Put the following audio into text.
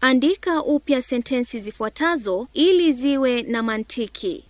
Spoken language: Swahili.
Andika upya sentensi zifuatazo ili ziwe na mantiki.